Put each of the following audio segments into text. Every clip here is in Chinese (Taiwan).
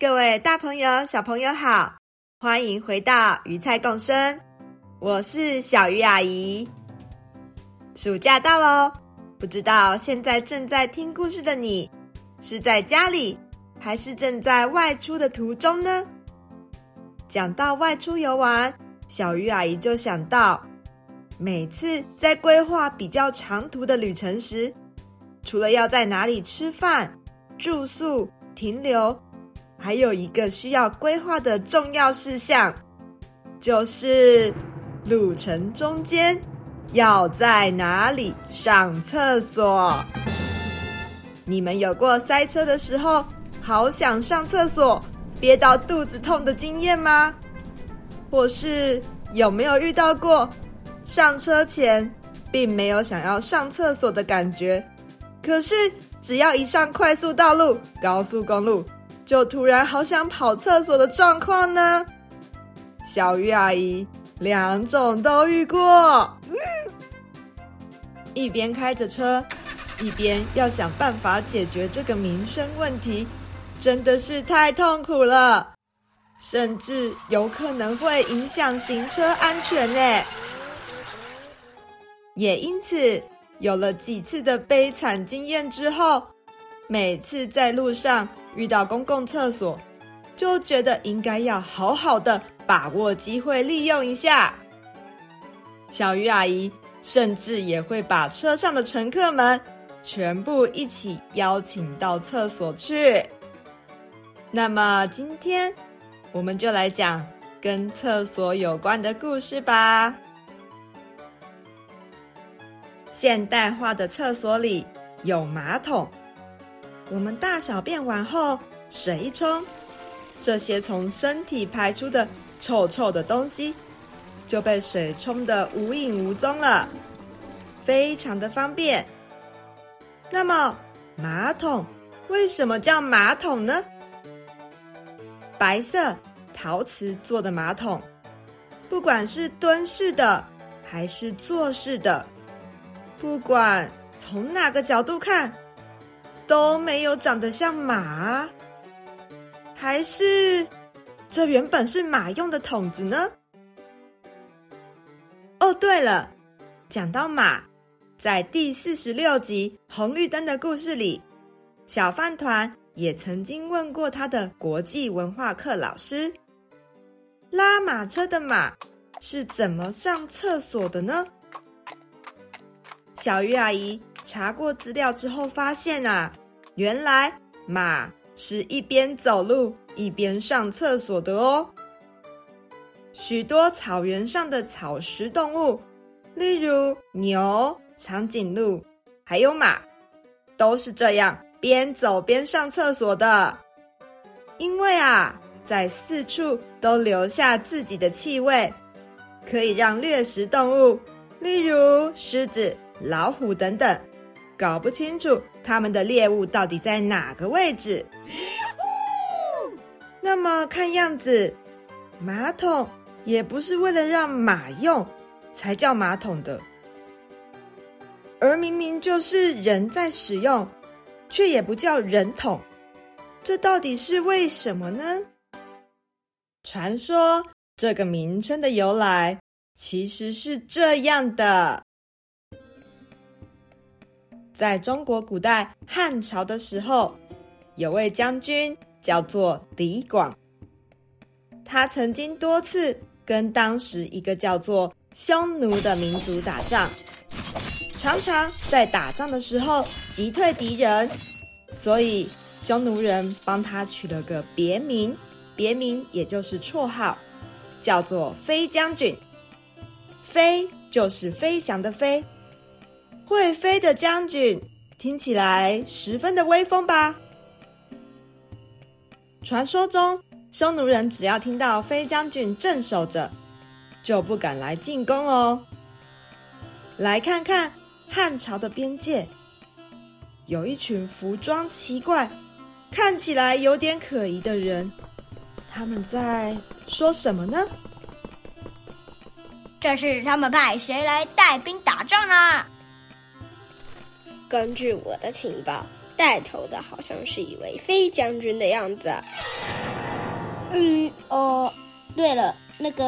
各位大朋友、小朋友好，歡迎回到魚菜共聲，我是小魚阿姨。暑假到嘍，不知道現在正在聽故事的你，是在家裡，還是正在外出的途中呢？講到外出遊玩，小魚阿姨就想到，每次在規劃比較長途的旅程時，除了要在哪裡吃飯、住宿、停留。還有一個需要規劃的重要事項，就是路程中間要在哪裡上廁所。你們有過塞車的時候，好想上廁所憋到肚子痛的經驗嗎？或是有沒有遇到過上車前並沒有想要上廁所的感覺，可是只要一上快速道路、高速公路，就突然好想跑廁所的狀況呢，小魚阿姨兩種都遇過。嗯，一邊開着車，一邊要想辦法解決這個民生問題，真的是太痛苦了，甚至有可能會影響行車安全呢，欸。也因此有了幾次的悲慘經驗之後。每次在路上遇到公共廁所，就覺得應該要好好的把握機會利用一下。小魚阿姨甚至也會把車上的乘客們全部一起邀請到廁所去。那麼今天我們就來講跟廁所有關的故事吧。現代化的廁所裡有馬桶。我們大小便完後，水一沖，這些從身體排出的臭臭的東西就被水沖得無影無蹤了，非常的方便。那麼，馬桶為什麼叫馬桶呢？白色陶瓷做的馬桶，不管是蹲式的還是坐式的，不管從哪個角度看。都沒有長得像馬啊，還是這原本是馬用的桶子呢？哦，對了，講到馬，在第四十六集《紅綠燈的故事》裡，小飯糰也曾經問過他的國際文化課老師，拉馬車的馬是怎麼上廁所的呢？小魚阿姨，查過資料之後，發現啊，原來馬是一邊走路一邊上廁所的哦。許多草原上的草食動物，例如牛、長頸鹿，還有馬，都是這樣邊走邊上廁所的。因為啊，在四處都留下自己的氣味，可以讓掠食動物，例如獅子、老虎等等。搞不清楚他們的獵物到底在哪個位置。那麼看樣子，馬桶也不是為了讓馬用才叫馬桶的，而明明就是人在使用，卻也不叫人桶。這到底是為什麼呢？傳說這個名稱的由來其實是這樣的。在中國古代漢朝的時候，有位將軍叫做李廣，他曾經多次跟當時一個叫做匈奴的民族打仗，常常在打仗的時候擊退敵人，所以匈奴人幫他取了個別名，別名也就是綽號，叫做飛將軍。飛就是飛翔的飛。會飛的將軍聽起來十分的威風吧？傳說中，匈奴人只要聽到飛將軍鎮守着，就不敢來進攻哦。來看看漢朝的邊界，有一群服裝奇怪、看起來有點可疑的人，他們在說什麼呢？這是他們派誰來帶兵打仗呢，啊？根據我的情報，帶頭的好像是一位飛將軍的樣子。嗯，哦，對了，那個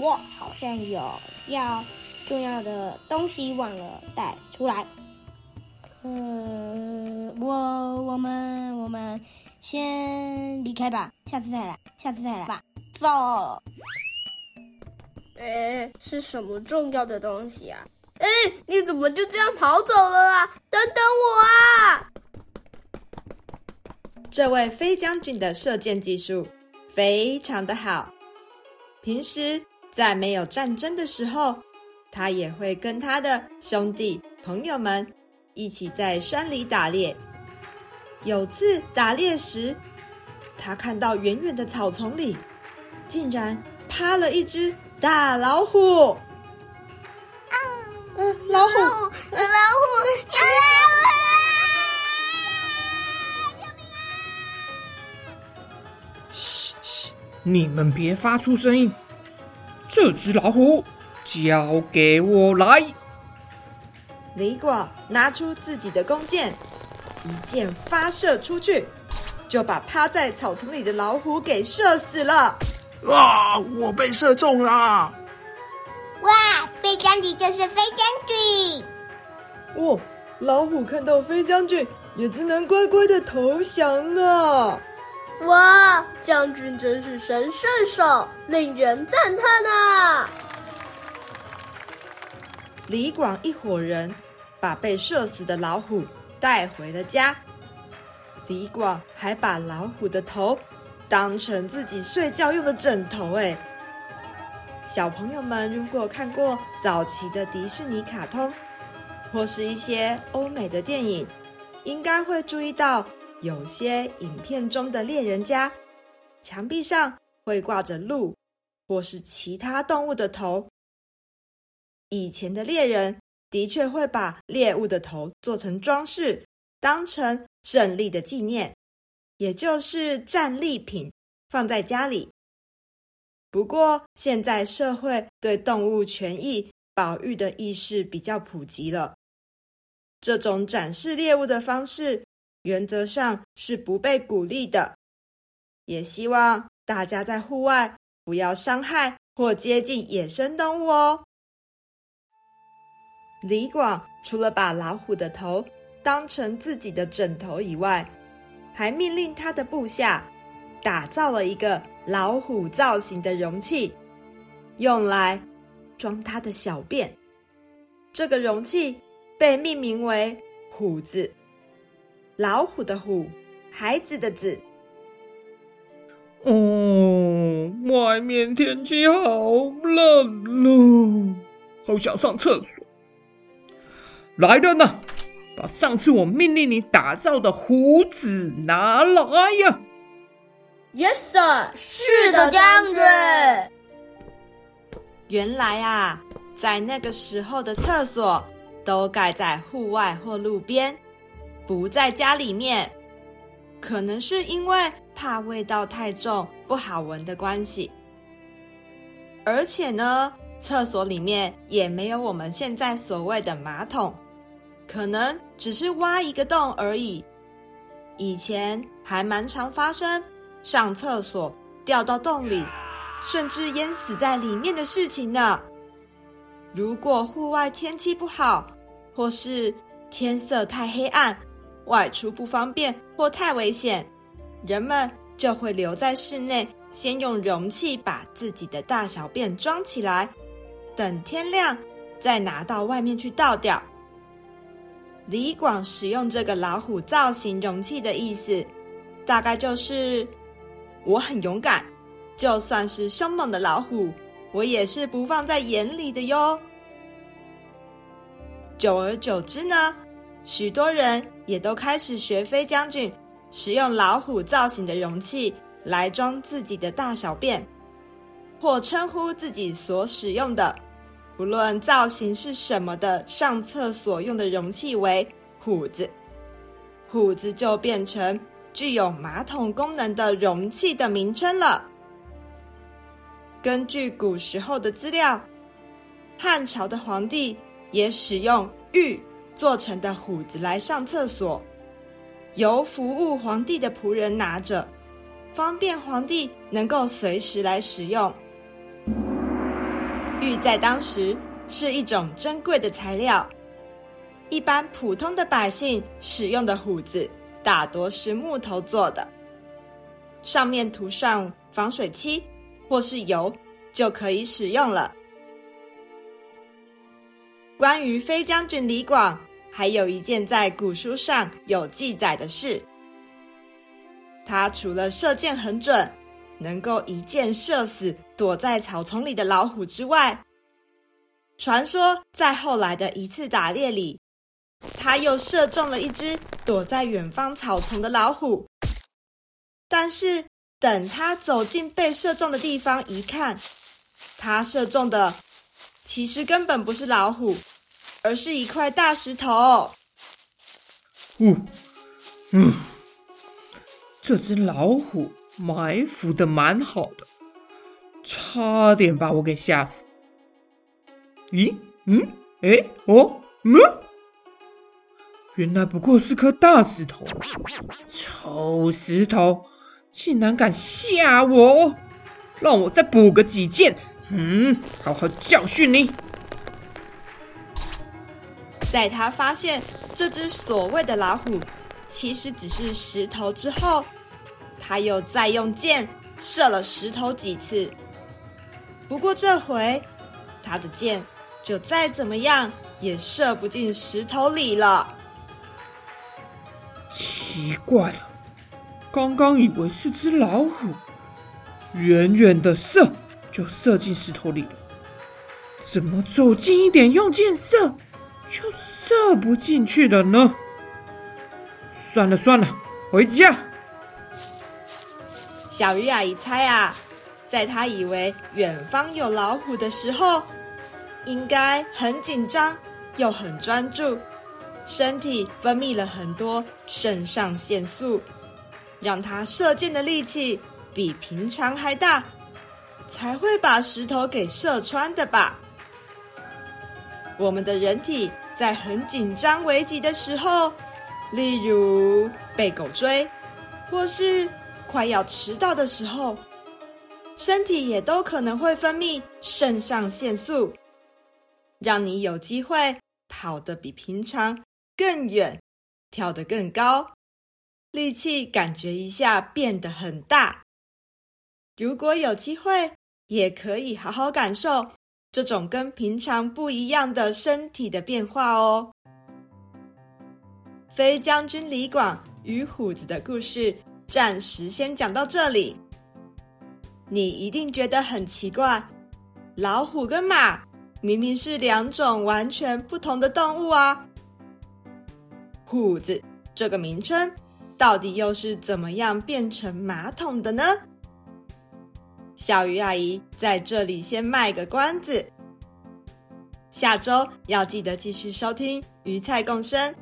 我好像有要重要的東西忘了帶出來。呃，我我們我們先離開吧，下次再來，下次再來吧。走。哎，是什麼重要的東西啊？哎，你怎麼就這樣跑走了啊？等等我啊！這位飛將軍的射箭技術非常的好。平時在沒有戰爭的時候，他也會跟他的兄弟朋友們一起在山裡打獵。有次打獵時，他看到遠遠的草叢裡，竟然趴了一隻大老虎。老虎，老虎，老虎，救命啊！命啊命啊，你們別發出聲音。這隻老虎交給我來。李廣拿出自己的弓箭，一箭發射出去，就把趴在草叢裡的老虎給射死了。啊！我被射中了。哇！將軍就是飛將軍哦！老虎看到飛將軍，也只能乖乖的投降了啊。哇，將軍真是神射手，令人讚嘆啊！李廣一夥人把被射死的老虎帶回了家，李廣還把老虎的頭當成自己睡覺用的枕頭誒，哎。小朋友們，如果看過早期的迪士尼卡通，或是一些歐美的電影，應該會注意到，有些影片中的獵人家牆壁上會掛着鹿或是其他動物的頭。以前的獵人的確會把獵物的頭做成裝飾，當成勝利的紀念，也就是戰利品，放在家裡。不過，現在社會對動物權益保育的意識比較普及了。這種展示獵物的方式，原則上是不被鼓勵的。也希望大家在戶外不要傷害或接近野生動物哦。李廣除了把老虎的頭當成自己的枕頭以外，還命令他的部下打造了一個。老虎造型的容器，用來裝它的小便。這個容器被命名為“虎子”，老虎的“虎”，孩子的“子”。哦，外面天氣好冷哦，好想上廁所。來人哪，把上次我命令你打造的“虎子”拿來呀。Yes, sir. 是的，將軍 Andrew。原來啊，在那個時候的廁所都蓋在戶外或路邊，不在家裡面。可能是因為怕味道太重不好聞的關係。而且呢，廁所裡面也沒有我們現在所謂的馬桶，可能只是挖一個洞而已。以前還蠻常發生。上廁所掉到洞裡，甚至淹死在裡面的事情呢。如果戶外天氣不好，或是天色太黑暗，外出不方便或太危險，人們就會留在室內，先用容器把自己的大小便裝起來，等天亮再拿到外面去倒掉。李廣使用這個老虎造型容器的意思，大概就是。我很勇敢，就算是兇猛的老虎，我也是不放在眼裡的喲。久而久之呢，許多人也都開始學飛將軍，使用老虎造型的容器來裝自己的大小便，或稱呼自己所使用的，不論造型是什麼的上廁所用的容器為“虎子”，“虎子”就變成。具有馬桶功能的容器的名稱了。根據古時候的資料，漢朝的皇帝也使用玉做成的虎子來上廁所，由服務皇帝的僕人拿着，方便皇帝能夠隨時來使用。玉在當時是一種珍貴的材料，一般普通的百姓使用的虎子。大多是木頭做的，上面塗上防水漆或是油就可以使用了。關於飛將軍李廣，還有一件在古書上有記載的事：他除了射箭很準，能夠一箭射死躲在草叢裡的老虎之外，傳說在後來的一次打獵裡，他又射中了一只躲在遠方草叢的老虎，但是等他走進被射中的地方一看，他射中的其實根本不是老虎，而是一塊大石頭。哦，嗚，哦，嗯，這只老虎埋伏的蠻好的，差點把我給嚇死。咦？嗯？誒，欸？哦？嗯？原來不過是顆大石頭，臭石頭竟然敢嚇我！讓我再補個幾箭，嗯，好好教訓你！在他發現這隻所謂的老虎其實只是石頭之後，他又再用箭射了石頭幾次。不過這回他的箭就再怎麼樣也射不進石頭裡了。奇怪了，剛剛以為是只老虎，遠遠的射就射進石頭裡了，怎麼走近一點用箭射就射不進去了呢？算了算了，回家。小魚阿姨猜啊，在他以為遠方有老虎的時候，應該很緊張又很專注。身體分泌了很多腎上腺素，讓他射箭的力氣比平常還大，才會把石頭給射穿的吧。我們的人體在很緊張、危急的時候，例如被狗追，或是快要遲到的時候，身體也都可能會分泌腎上腺素，讓你有機會跑得比平常更遠，跳得更高，力氣感覺一下變得很大。如果有機會，也可以好好感受這種跟平常不一樣的身體的變化哦。飛將軍李廣與虎子的故事暫時先講到這裡。你一定覺得很奇怪，老虎跟馬明明是兩種完全不同的動物啊。“虎子”這個名稱，到底又是怎麼樣變成馬桶的呢？小魚阿姨在這裡先賣個關子，下周要記得繼續收聽《魚菜共聲》，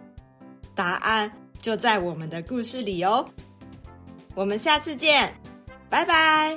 答案就在我們的故事裡哦。我們下次見，拜拜。